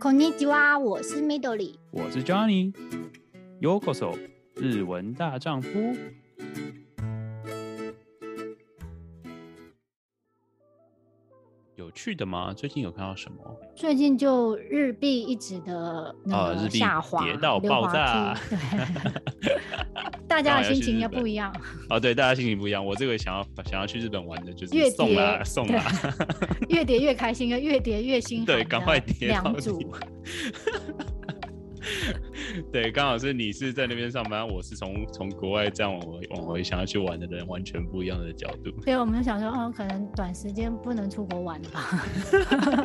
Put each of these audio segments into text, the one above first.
こんにちは，wa, 我是 Midori 我是 Johnny。Yokoso，日文大丈夫。有趣的嗎？最近有看到什麼？最近就日幣一直的日幣下滑、哦、跌到爆炸。 大家的心情也不一樣啊，哦，對，大家心情不一樣。我這個想要想要去日本玩的，就是送啊捷送啊啦，越疊越開心，越疊越辛苦。對，趕快疊到底。 對，剛好是你是在那邊上班，我是從從國外這樣往回，往想要去玩的人，完全不一樣的角度。所以我們想說，哦，可能短時間不能出國玩了吧。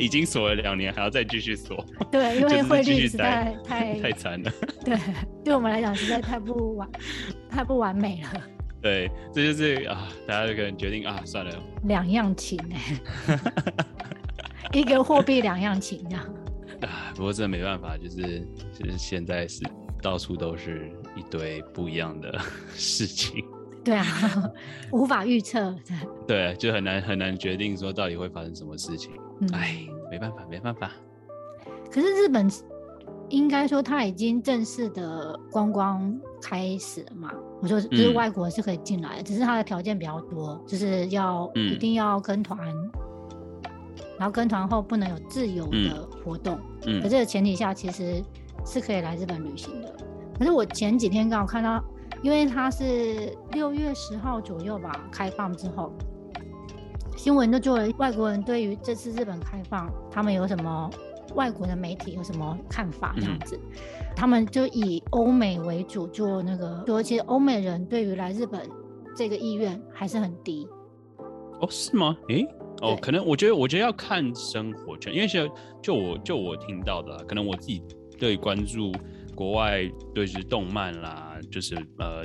已經鎖了兩年，還要再繼續鎖。對，因為匯率實在太太慘了。對，對我們來講實在太不完， 太不完美了。對，這就是啊，大家就可能決定啊，算了，兩樣情哎， 一個貨幣，兩樣情這樣。啊，不過這沒辦法，就是就是現在是到處都是一堆不一樣的事情。對啊，無法預測。對，對就很難很難決定說，到底會發生什麼事情。哎、嗯，沒辦法，沒辦法。可是日本。應該說他已經正式的觀光開始了嘛，我說就是外國是可以進來，嗯、只是他的條件比較多，就是要一定要跟團，嗯、然後跟團後不能有自由的活動。可，嗯嗯、這個前提下其實是可以來日本旅行的。可是我前幾天剛好看到，因為他是六月十號左右吧開放之後，新聞都做了外國人對於這次日本開放他們有什麼，外國的媒體有什麼看法？這樣子，嗯、他們就以歐美為主做那個，所以其實歐美人對於來日本這個意願還是很低。哦，是嗎？誒，對哦，可能我覺得，我覺得要看生活圈，因為是，就我就我聽到的、啊，可能我自己對關注國外，對是動漫啦，就是呃。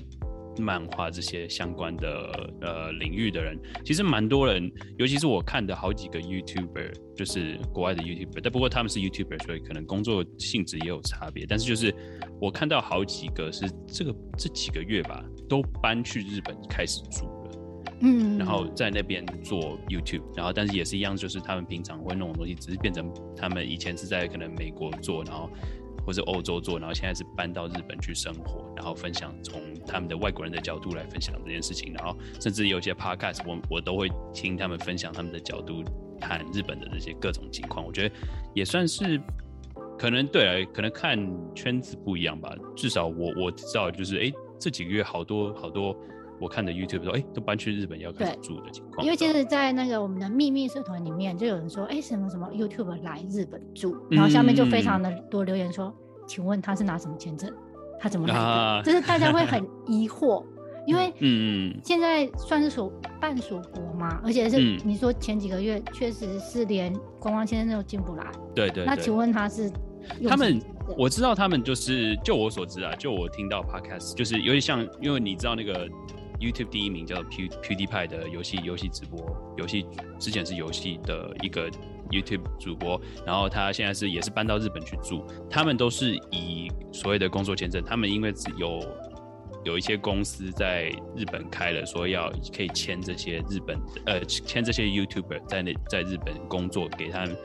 漫畫這些相關的呃領域的人，其實蠻多人，尤其是我看的好幾個 YouTuber，就是國外的 YouTuber，但不過他們是 YouTuber，所以可能工作性質也有差別。但是就是我看到好幾個是這個這幾個月吧，都搬去日本開始住了，嗯，然後在那邊做 YouTube，然後但是也是一樣，就是他們平常會弄的東西，只是變成他們以前是在可能美國做，然後不是歐洲做，然後現在是搬到日本去生活，然後分享從他們的外國人的角度來分享這件事情，然後甚至有些 podcast，我我都會聽他們分享他們的角度看日本的這些各種情況，我覺得也算是，可能對啊，可能看圈子不一樣吧，至少我我知道就是，哎，這幾個月好多好多。我看的 YouTube 說，哎、欸，都搬去日本要開始住的情況，因為其實在那個我們的秘密社團裡面，就有人說，哎、欸，什麼什麼 YouTube 來日本住，然後下面就非常的多留言說，嗯、請問他是拿什麼簽證？他怎麼來？就、啊、是大家會很疑惑， 因為嗯，現在算是屬半屬國嘛，而且是你說前幾個月確實是連觀光簽證都進不來，對，對對。那請問他是他們？我知道他們就是就我所知啊，就我聽到 Podcast 就是有點像，因為你知道那個。YouTube 第一名叫做 Pew, PewDiePie 的遊戲遊戲直播遊戲，之前是遊戲的一個 YouTube 主播，然後他現在是也是搬到日本去住，他們都是以所謂的工作簽證，他們因為只有。有一些公司在日本開了，說要可以簽這些日本呃簽這些 YouTuber 在那在日本工作，給他們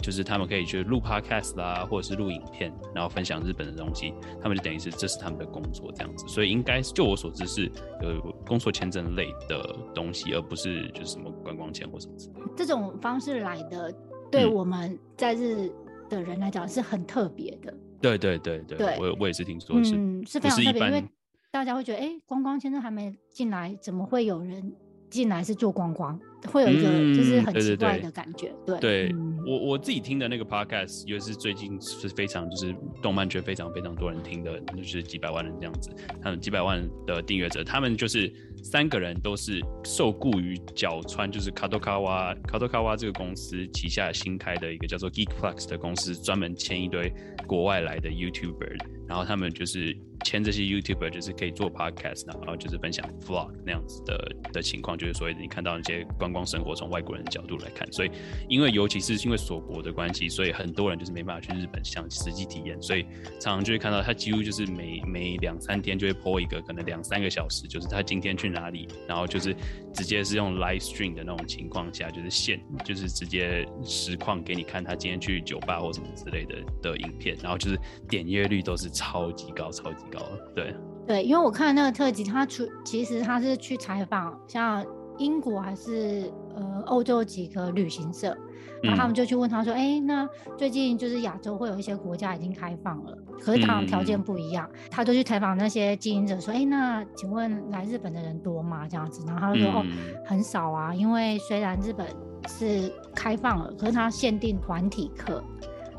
就是他們可以去錄 Podcast 啦，或者是錄影片，然後分享日本的東西，他們就等於是這是他們的工作這樣子。所以應該就我所知是有工作簽證類的東西，而不是就是什麼觀光簽或什麼之類，這種方式來的，對我們在日的人來講是很特別的、嗯。對對對對，對我我也是聽說是、嗯、是非常特別、不是一般？因為大家會覺得，哎、欸，光光先生還沒進來，怎麼會有人進來是做光光？會有一個就是很奇怪的感覺。嗯、對，對，對，對，對嗯、我我自己聽的那個 podcast 也就是最近是非常就是動漫圈非常非常多人聽的，就是幾百萬人這樣子，嗯，幾百萬的訂閱者，他們就是三個人都是受雇於角川，就是 Kadokawa、ok、Kadokawa、ok、這個公司旗下新開的一個叫做 Geekplex 的公司，專門簽一堆，國外來的 YouTuber，然後他們就是簽這些 YouTuber，就是可以做 Podcast，然後就是分享 Vlog 那樣子的的情況，就是所以你看到那些觀光生活從外國人的角度來看，所以因為尤其是因為鎖國的關係，所以很多人就是沒辦法去日本，想實際體驗，所以常常就會看到他幾乎就是每每兩三天就會 po 一個，可能兩三個小時，就是他今天去哪裡，然後就是直接是用 Live Stream 的那種情況下，就是現就是直接實況給你看他今天去酒吧或什麼之類的的影片。然後就是點閱率都是超級高，超級高。對對，因為我看那個特輯，他出其實他是去採訪，像英國還是呃歐洲幾個旅行社，然後他們就去問他說：“哎、嗯欸，那最近就是亞洲會有一些國家已經開放了，可是當然條件不一樣。嗯”他就去採訪那些經營者說：“哎、欸，那請問來日本的人多嗎？”這樣子，然後他就說：“嗯、哦，很少啊，因為雖然日本是開放了，可是他限定團體客。”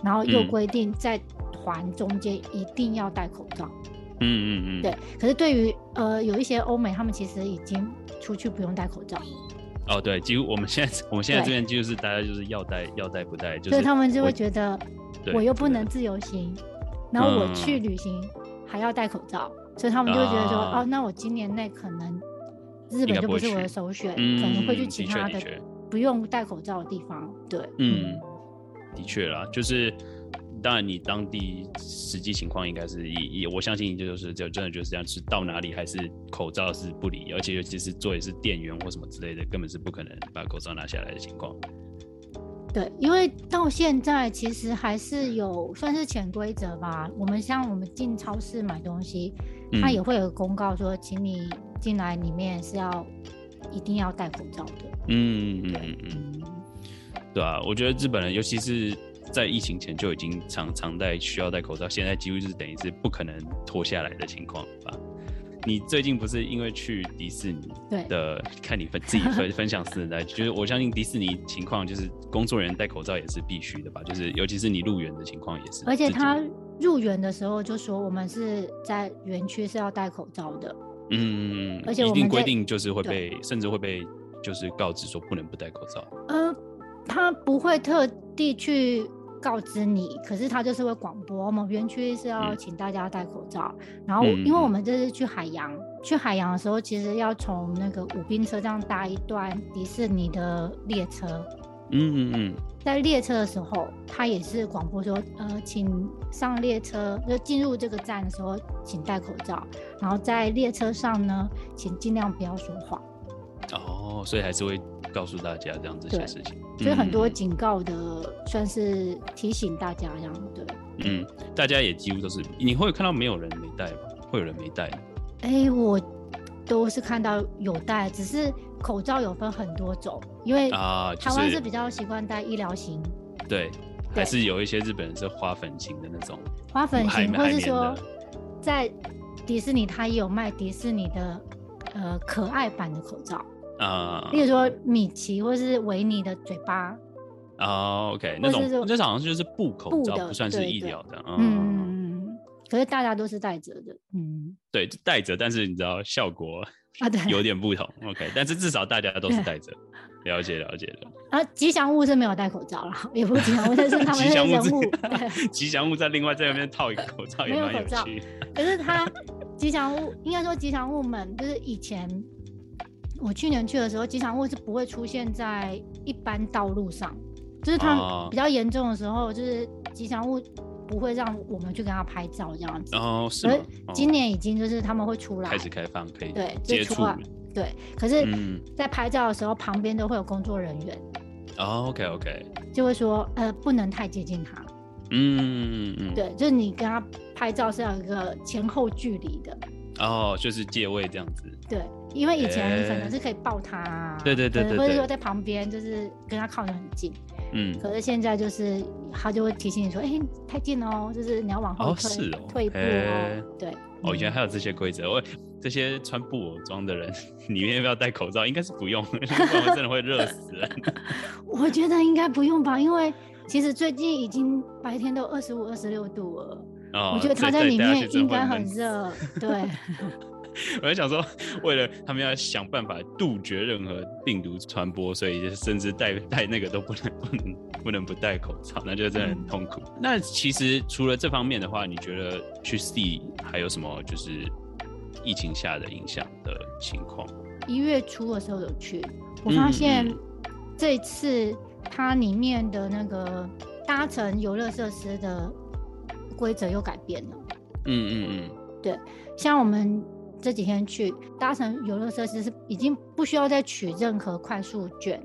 然後又規定在團中間一定要戴口罩。嗯嗯嗯。對。可是對於呃有一些歐美，他們其實已經出去不用戴口罩。哦，對，幾乎我們現在我們現在這邊就是大家就是要戴要戴不戴就是。所以他們就會覺得，我又不能自由行，然後我去旅行還要戴口罩，所以他們就會覺得說，哦，那我今年內可能日本就不是我的首選，可能會去其他的不用戴口罩的地方。對，嗯。的確啦，就是當然，你當地實際情況應該是也也，我相信就是就真的就是這樣，是到哪裡還是口罩是不離，而且尤其是做也是店員或什麼之類的，根本是不可能把口罩拿下來的情況。對，因為到現在其實還是有算是潛規則吧。我們像我們進超市買東西，他也會有公告說，請你進來裡面是要一定要戴口罩的。嗯嗯嗯嗯。對嗯對啊，我覺得日本人，尤其是在疫情前就已經常常戴、需要戴口罩，現在幾乎就是等於是不可能脫下來的情況吧。你最近不是因為去迪士尼？對的，對看你分自己分分享私人的， 就是我相信迪士尼情況，就是工作人員戴口罩也是必須的吧？就是尤其是你入園的情況也是。而且他入園的時候就說，我們是在園區是要戴口罩的。嗯，而且一定規定就是會被，對甚至會被就是告知說不能不戴口罩。嗯、呃。他不會特地去告知你，可是他就是會廣播某園區是要請大家戴口罩。嗯、然後，因為我們這次去海洋，嗯、去海洋的時候，其實要從那個舞濱車站搭一段迪士尼的列車。嗯嗯嗯。嗯嗯在列車的時候，他也是廣播說：“呃，請上列車，就進入這個站的時候，請戴口罩。然後在列車上呢，請尽量不要說話。”哦，所以還是會。告訴大家這樣這些事情，所以很多警告的算是提醒大家這樣對。嗯，大家也幾乎都是，你會看到沒有人沒戴嗎？會有人沒戴？哎、欸，我都是看到有戴，只是口罩有分很多種，因為啊，台灣是比較習慣戴醫療型，啊就是，對，還是有一些日本人是花粉型的那種，花粉型，或是說在迪士尼，他也有賣迪士尼的呃可愛版的口罩。啊，例如說米奇或是維尼的嘴巴，啊，OK，那種那種好像就是布口罩，不算是醫療的，嗯嗯，可是大家都是戴着的，嗯，對，戴着，但是你知道效果有點不同，OK，但是至少大家都是戴着，了解了解的。啊，吉祥物是沒有戴口罩了，也不是吉祥物，是他們吉祥物，吉祥物在另外在那邊套一個口罩，沒有口罩，可是他吉祥物應該說吉祥物們就是以前。我去年去的時候，吉祥物是不會出現在一般道路上，就是它比較嚴重的時候，就是吉祥物不會讓我們去跟他拍照這樣子。哦，是。哦、是今年已經就是他們會出來，開始開放可以接觸。對，對出啊。嗯、對。可是，在拍照的時候，旁邊都會有工作人員。哦，OK，OK。Okay, okay 就會說，呃，不能太接近他。嗯嗯嗯。嗯，對，就是你跟他拍照是要一個前後距離的。哦，就是借位這樣子。對。因為以前可能是可以抱他。啊欸，對對對，對，對，或者是，是說在旁邊就是跟他靠得很近，嗯。可是現在就是他就會提醒你說，哎、欸，太近了哦，就是你要往後，哦哦、退一步哦。欸、對，哦，原來還有這些規則。我這些穿布偶裝的人，裡面要不要戴口罩？應該是不用， 不然我真的會熱死。 我覺得應該不用吧，因為其實最近已經白天都二十五、二十六度了，哦、我覺得他在裡面應該很熱。對。我在想說，為了他們要想辦法杜絕任何病毒傳播，所以就是甚至戴戴那個都不能不能,不能不能不戴口罩，那就真的很痛苦。嗯、那其實除了這方面的話，你覺得去 See 還有什麼就是疫情下的影響的情況？一月初的時候有去，我發現這次它裡面的那個搭乘遊樂設施的規則又改變了。嗯嗯嗯，對，像我們。這幾天去搭乘遊樂設施是已經不需要再取任何快速券，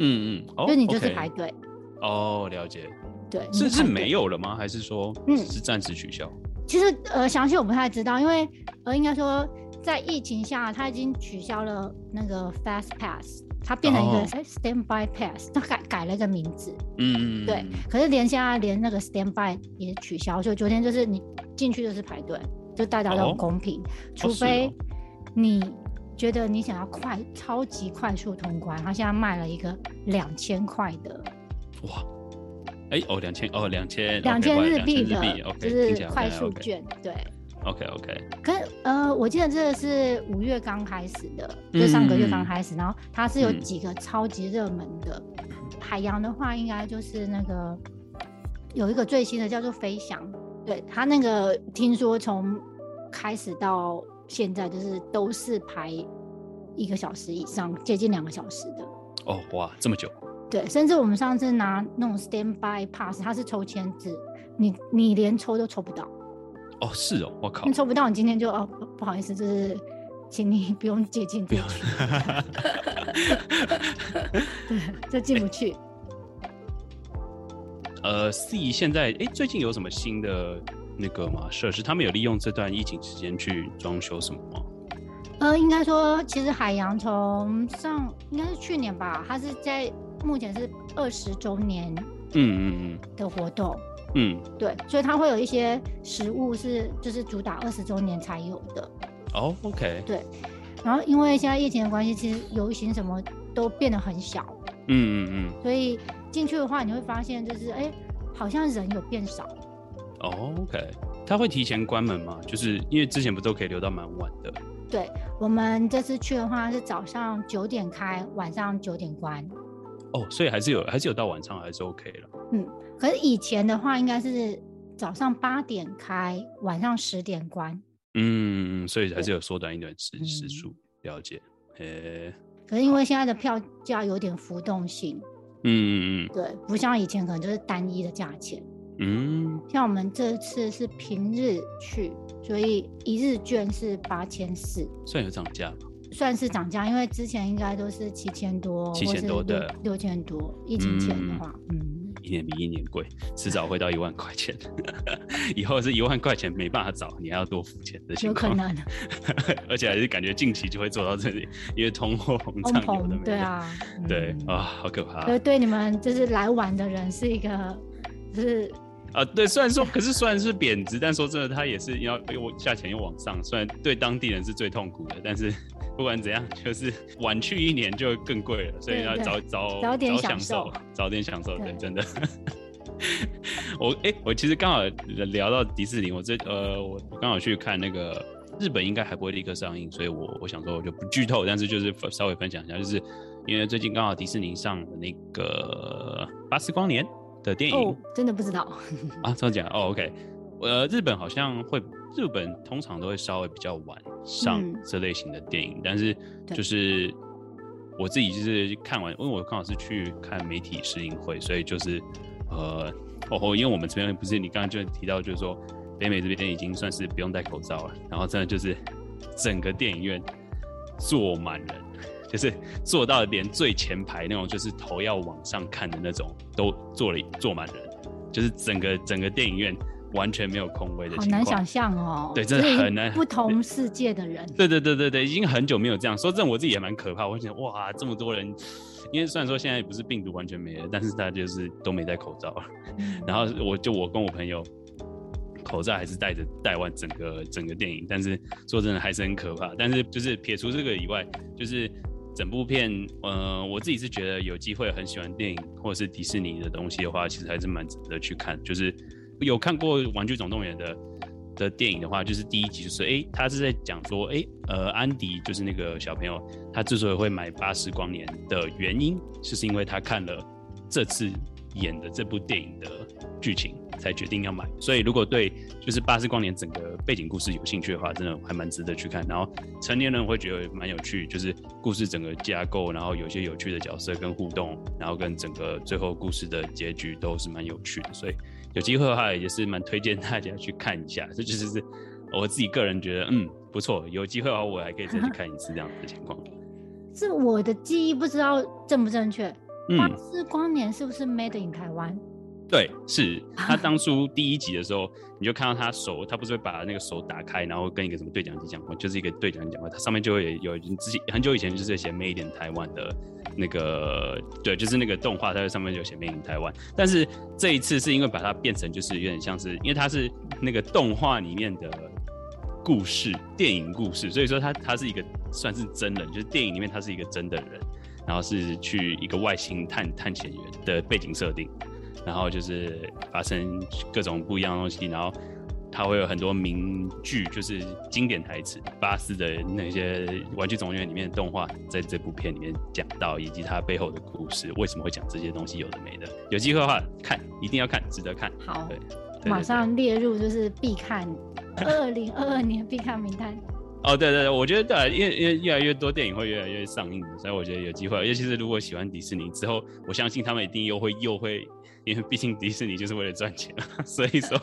嗯嗯，哦，就你就是排隊。哦，了解，對，是不是沒有了嗎？還是說只是暫時取消？嗯、其實呃，詳細我不太知道，因為呃，應該說在疫情下，他已經取消了那個 Fast Pass，它變成一個 Standby Pass、哦、它改改了一個名字，嗯，嗯嗯，對。可是連現在連那個 Standby 也取消，所以昨天就是你進去就是排隊。就大家都很公平，除非你覺得你想要快、超級快速通關，他現在賣了一個兩千塊的。哇！哎哦，兩千哦，兩千兩千日幣的，就是快速券，對。OK OK。可是呃，我記得這個是五月剛開始的，就上個月剛開始，然後它是有幾個超級熱門的。海洋的話，應該就是那個有一個最新的叫做飛翔。對他那個，聽說從開始到現在，就是都是排一個小時以上，接近兩個小時的。哦，哇，這麼久！對，甚至我們上次拿那種 standby pass，他是抽籤制，你你連抽都抽不到。哦，是哦，我靠！你抽不到，你今天就哦不好意思，就是請你不用接近，不要，這樣 對，就進不去。欸呃，C 現在哎，最近有什麼新的那個嗎？設施？他們有利用這段疫情時間去裝修什麼嗎？呃，應該說，其實海洋從上應該是去年吧，它是在目前是二十周年，嗯嗯的活動，嗯，嗯嗯對，所以它會有一些食物是就是主打二十周年才有的。哦，OK，對。然後因為現在疫情的關係，其實遊行什麼都變得很小，嗯嗯嗯，嗯嗯所以。進去的話，你會發現就是，哎、欸，好像人有變少。Oh, OK，他會提前關門嗎？就是因為之前不都可以留到蠻晚的。對我們這次去的話是早上九點開，晚上九點關。哦，oh, 所以還是有，還是有到晚上，還是 OK 了。嗯，可是以前的話應該是早上八點開，晚上十點關。嗯，所以還是有縮短一點時對時數了解。哎、欸，可是因為現在的票價有點浮動性。嗯嗯嗯，對，不像以前可能就是單一的價錢，嗯，像我們這次是平日去，所以一日券是八千四，算有漲價？算是漲價，因為之前應該都是七千多，七千多，對，六千多疫情前的話。嗯嗯一年比一年貴，遲早會到一萬塊錢。 以後是一萬塊錢沒辦法找，你還要多付錢的有困難 而且還是感覺近期就會做到這裡，嗯、因為通貨膨脹。通膨、嗯、對啊，對、哦、啊，好可怕。可對你們就是來玩的人是一個、就是啊，對，雖然說，可是雖然是貶值，但說真的，它也是要又價錢又往上。雖然對當地人是最痛苦的，但是。不管怎樣，就是晚去一年就更貴了，所以要早對對早早點享受，早點享受。真的，真 的。我、欸、哎，我其實剛好聊到迪士尼，我這呃，我剛好去看那個日本應該還不會立刻上映，所以我我想說，我就不劇透，但是就是稍微分享一下，就是因為最近剛好迪士尼上的那個《巴斯光年》的電影。哦，真的不知道 啊，這麼講哦，OK，呃，日本好像會。日本通常都會稍微比較晚上這類型的電影，嗯、但是就是我自己就是看完，對因為我剛好是去看媒體試映會，所以就是呃哦，因為我們這邊不是你剛剛就提到，就是說北美這邊已經算是不用戴口罩了，然後真的就是整個電影院坐滿人，就是坐到連最前排那種就是頭要往上看的那種都坐了坐滿人，就是整個整個電影院。完全沒有空位的，很難想象哦。對，真的很難。不同世界的人。對對對對對，已經很久沒有這樣。說真的，我自己也蠻可怕。我想哇，這麼多人，因為雖然說現在不是病毒完全沒了，但是他就是都沒戴口罩。 然後我就我跟我朋友，口罩還是戴着戴完整個整個電影。但是說真的還是很可怕。但是就是撇除這個以外，就是整部片，嗯、呃，我自己是覺得有機會很喜歡電影或者是迪士尼的東西的話，其實還是蠻值得去看，就是。有看過《玩具總動員》的的的電影的話，就是第一集就是，哎、欸，他是在講說，哎、欸，呃，安迪就是那個小朋友，他之所以會買《巴斯光年》的原因，就是因為他看了這次演的這部電影的劇情，才決定要買。所以，如果對就是《巴斯光年》整個背景故事有興趣的話，真的還蠻值得去看。然後，成年人會覺得蠻有趣，就是故事整個架構，然後有些有趣的角色跟互動，然後跟整個最後故事的結局都是蠻有趣的，所以。有機會的話，也是蠻推薦大家去看一下。這就是我自己個人覺得，嗯，不錯。有機會的話，我還可以再去看一次這樣子的情況。 是我的記憶不知道正不正確？嗯，巴斯光年是不是 made in 台灣，嗯？對，是他當初第一集的時候，啊、你就看到他手，他不是會把那個手打開，然後跟一個什麼對講機講話，就是一個對講機講話，它上面就會有有之前很久以前就是寫 Made in 台灣的那個，對，就是那個動畫它在上面就寫 Made in 台灣。但是這一次是因為把它變成就是有點像是，因為它是那個動畫裡面的，故事電影故事，所以說他他是一個算是真人，就是電影裡面他是一個真的人，然後是去一個外星探探險員的背景設定。然後就是發生各種不一樣的東西，然後它會有很多名句，就是經典台詞。巴斯的那些玩具總動員裡面的動畫，在這部片裡面講到，以及它背後的故事，為什麼會講這些東西，有的沒的。有機會的話看，一定要看，值得看。好，對，對對對，馬上列入就是必看，二零二二年必看名單。 哦，oh, 對對對，我覺得對，因為越越來越多電影會越來越上映，所以我覺得有機會。尤其是如果喜歡迪士尼之後，我相信他們一定又會又會，因為畢竟迪士尼就是為了賺錢，所以說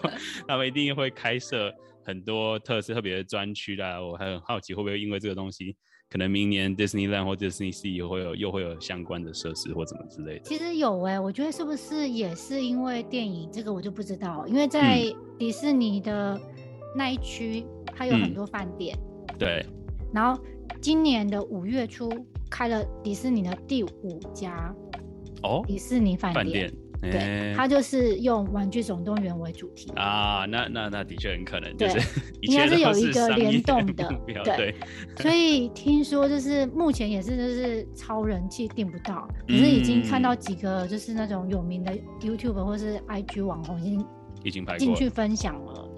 他們一定會開設很多特色特別的專區啦。我還很好奇，會不會因為這個東西，可能明年 Disneyland 或 Disney Sea 會有又會有相關的設施或怎麼之類的？其實有哎、欸，我覺得是不是也是因為電影這個我就不知道，因為在迪士尼的那一區，它有很多飯店。嗯嗯對，然後今年的五月初開了迪士尼的第五家哦，迪士尼飯店，對，它就是用《玩具總動員》為主題啊，那那那的確很可能就是應該是有一個聯動的，對。所以聽說就是目前也是就是超人氣訂不到，可是已經看到幾個就是那種有名的 YouTube 或是 IG 網紅已經已經拍進去分享了，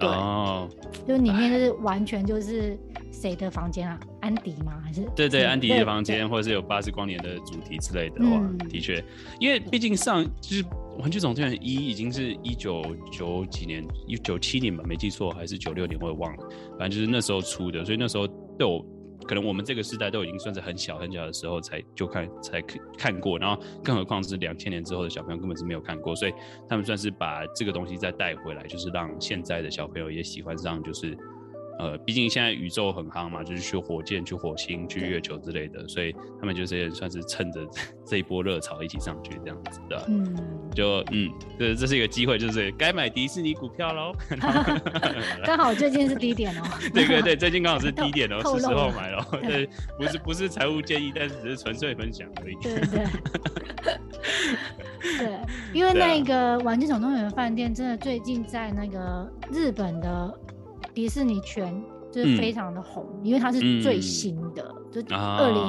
對，就裡面就是完全就是。誰的房間啊？安迪嗎？還是對對，對，安迪的房間，或者是有巴斯光年的主題之類的哇，嗯、的確，因為畢竟上就是玩具總動員一已經是一九九幾年，一九九七年吧，沒記錯還是九六年，我也忘了，反正就是那時候出的，所以那時候都有可能我們這個時代都已經算是很小很小的時候才就看才看過，然後更何況是兩千年之後的小朋友根本是沒有看過，所以他們算是把這個東西再帶回來，就是讓現在的小朋友也喜歡上，就是。呃，畢竟現在宇宙很夯嘛，就是去火箭、去火星、去月球之類的，所以他們就是算是趁着這一波熱潮一起上去這樣子的。嗯，就嗯，這這是一個機會，就是該買迪士尼股票嘍。剛好最近是低點哦。對對對，最近剛好是低點哦，是時候買嘍。對，不是不是財務建議，但是只是純粹分享而已。對對。對，因為那個玩具總動員飯店真的最近在那個日本的。迪士尼全就是非常的紅，嗯、因為它是最新的，嗯、就二零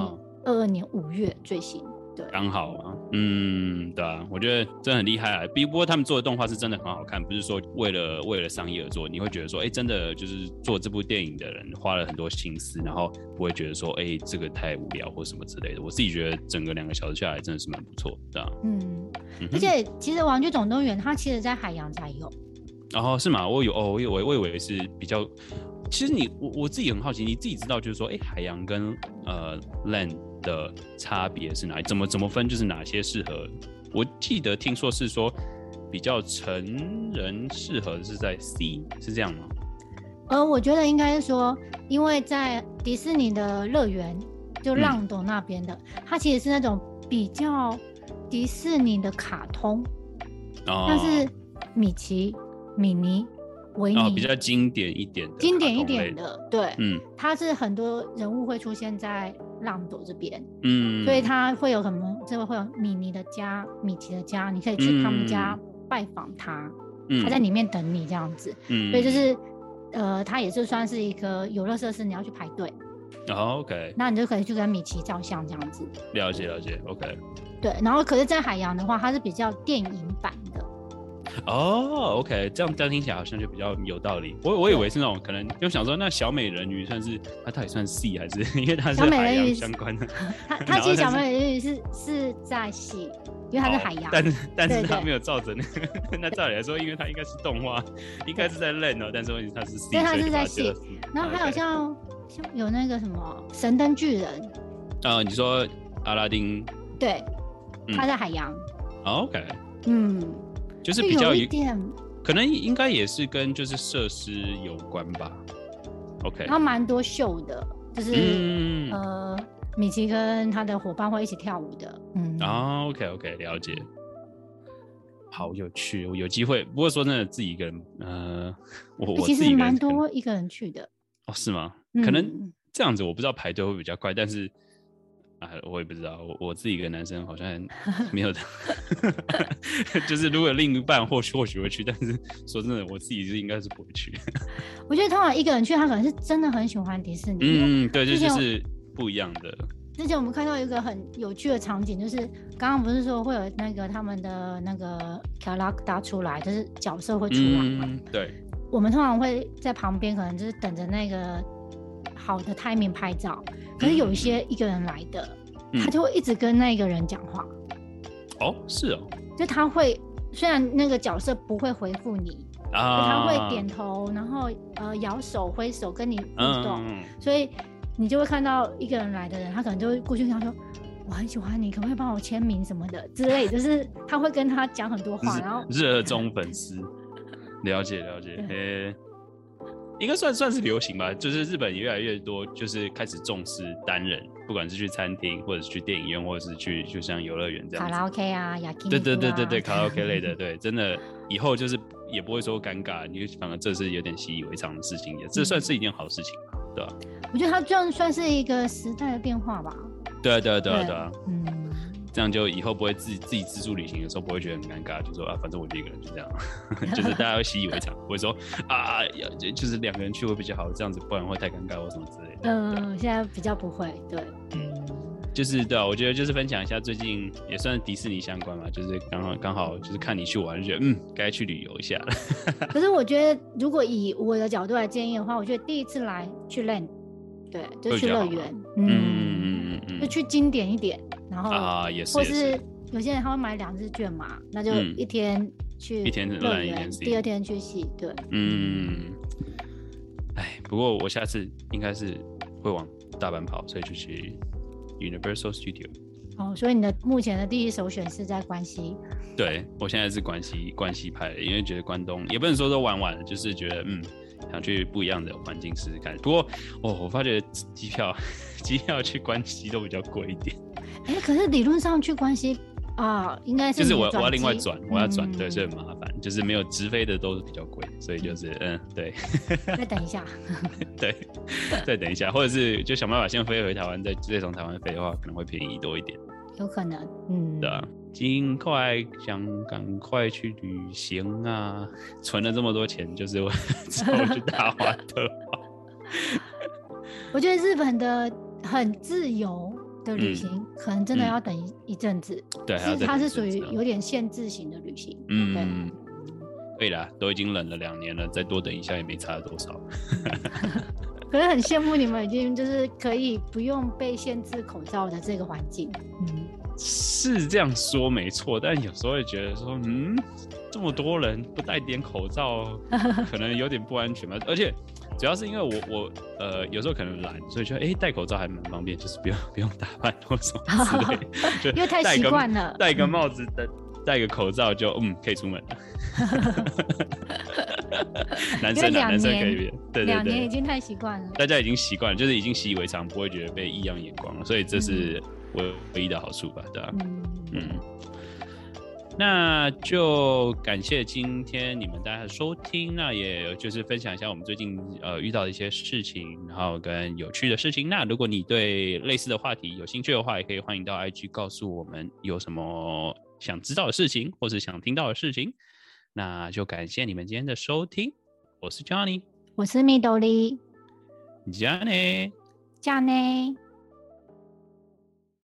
二二年五月最新，啊、對，剛好啊，嗯，對啊，我覺得真的很厲害啊。不過他們做的動畫是真的很好看，不是說為了為了商業而做，你會覺得說，哎、欸，真的就是做這部電影的人花了很多心思，然後不會覺得說，哎、欸，這個太無聊或什麼之類的。我自己覺得整個兩個小時下來真的是蠻不錯的啊。嗯，嗯哼而且其實《玩具總動員》它其實在海洋才有。然後、哦、是嗎？我有哦，我以為我以為是比較，其實你我我自己很好奇，你自己知道就是說，哎、欸，海洋跟呃 Land 的差別是哪裡？怎麼怎麼分？就是哪些適合？我記得聽說是說比較成人適合是在 C，是這樣嗎？呃，我覺得應該是說，因為在迪士尼的樂園，就浪朵那邊的，嗯、它其實是那種比較迪士尼的卡通，哦、但是米奇。米妮，維尼、哦，比較經典一點的經典一點的，對，嗯，它是很多人物會出現在浪朵這邊，嗯，所以他會有什麼？這個會有米妮的家、米奇的家，你可以去他們家拜訪他，他、嗯、在裡面等你這樣子，嗯，所以就是，呃，它也是算是一個遊樂設施，你要去排隊，好、哦，OK，那你就可以去跟米奇照相這樣子，了解了解，OK，對，然後可是，在海洋的話，它是比較電影版的。哦，OK，這樣這樣聽起來好像就比較有道理。我我以為是那種對可能，就想說那小美人魚算是它到底算細還是因為它是海洋相關的？它它 其實小美人魚是是在 C，因為它是海洋。哦、但但是它沒有照着那個、對對對 那照理來說，因為它應該是動畫，對應該是在 L 哦、喔。但是問題是細對所以它、就是、是在 C。然後還有像有那個什麼神燈巨人啊、嗯，你說阿拉丁？對，它在海洋。OK，嗯。Okay. 嗯就是比較是一點，可能應該也是跟就是設施有關吧。OK，他蠻多秀的，就是、嗯、呃，米奇跟他的夥伴會一起跳舞的。嗯，啊，OK OK，了解。好有趣，有機會，不過說真的自己一個人，呃，我我其實蠻多一個，一個人去的。哦，是嗎？嗯、可能這樣子，我不知道排隊會比較快，但是。啊，我也不知道，我我自己一個男生好像沒有的， 就是如果另一半或許或許會去，但是說真的，我自己是應該是不會去。我覺得通常一個人去，他可能是真的很喜歡迪士尼。嗯，對，這就是不一樣的。之前我們看到一個很有趣的場景，就是剛剛不是說會有那個他們的那個 character 出來，就是角色會出來嗎？嗯、對。我們通常會在旁邊，可能就是等着那個。好的 timing 拍照，可是有一些一個人來的，嗯、他就會一直跟那個人講話。嗯。哦，是哦，就他會雖然那個角色不會回復你，啊、但他會點頭，然後呃搖手揮手跟你互動，嗯嗯嗯，所以你就會看到一個人來的人，他可能就會過去跟他說：“我很喜歡你，可不可以幫我簽名什麼的之類的。” 就是他會跟他講很多話，然後熱衷粉絲， 了解了解，對 Hey. 應該算算是流行吧，就是日本越來越多，就是開始重視單人，不管是去餐廳，或者是去電影院，或者是去就像遊樂園這樣。卡拉 OK 啊，對對對對對，卡拉 OK 類的，嗯、對，真的以後就是也不會說尷尬，你、嗯、反而這是有點習以為常的事情，也這算是一件好事情，對吧？嗯對啊、我覺得它這樣算是一個時代的變化吧。對,對啊，對啊對、啊、對嗯。這樣就以後不會自己自己自助旅行的時候不會覺得很尷尬，就說啊，反正我就一個人就這樣， 就是大家會習以為常。 不會說啊，要就是兩個人去會比較好，這樣子不然會太尷尬或什麼之類的。嗯，現在比較不會，對，嗯，就是對啊，我覺得就是分享一下最近也算是迪士尼相關嘛，就是剛好，剛好就是看你去玩，就覺得嗯，該去旅遊一下。 可是我覺得如果以我的角度來建議的話，我覺得第一次來去 Land，對，就去樂園，嗯嗯嗯嗯嗯，嗯嗯就去經典一點。然後啊，也是，或是，有些人他會買兩日券嘛，嗯、那就一天去樂園，一天第二天去洗，對，嗯，哎，不過我下次應該是會往大阪跑，所以就去 Universal Studio。哦，所以你的目前的第一首選是在關西，對，我現在是關西，關西派的，因為覺得關東也不能說都玩完了，就是覺得嗯，想去不一樣的環境試試看。不過哦，我發覺機票機票去關西都比較貴一點。欸、可是理論上去關係啊，應該是就是我要我要另外轉，我要轉，嗯、對，所以很麻煩，就是沒有直飛的都是比較貴，所以就是嗯，對, 對。再等一下。對，再等一下，或者是就想辦法先飛回台灣，再再從台灣飛的話，可能會便宜多一點。有可能，對嗯，的儘快想趕快去旅行啊！存了這麼多錢，就是要去大灣的話。 我覺得日本的很自由。的旅行，嗯、可能真的要等一陣、嗯、子，對，是它是屬於有點限制型的旅行，嗯，可以了，啦都已經冷了兩年了，再多等一下也沒差了多少。 可是很羨慕你們已經就是可以不用被限制口罩的這個環境，嗯，是這樣說沒錯，但有時候會覺得說，嗯，這麼多人不戴點口罩， 可能有點不安全吧，而且。主要是因為我我呃有時候可能懶，所以說哎、欸、戴口罩還蠻方便，就是不用不用打扮多少，因為、oh, 太習慣了。戴個帽子戴戴個口罩就嗯，罩就嗯可以出門了。 男生男生可以變對，兩年已經太習慣了。大家已經習慣了，就是已經習以為常，不會覺得被異樣眼光了，所以這是我唯一的好處吧，對吧、啊？嗯。嗯那就感謝今天你們大家的收聽，那也就是分享一下我們最近呃遇到的一些事情，然後跟有趣的事情。那如果你對類似的話題有興趣的話，也可以歡迎到 IG 告訴我們有什麼想知道的事情，或是想聽到的事情。那就感謝你們今天的收聽，我是 Johnny，我是 Midori，Johnny，Johnny。Johnny Johnny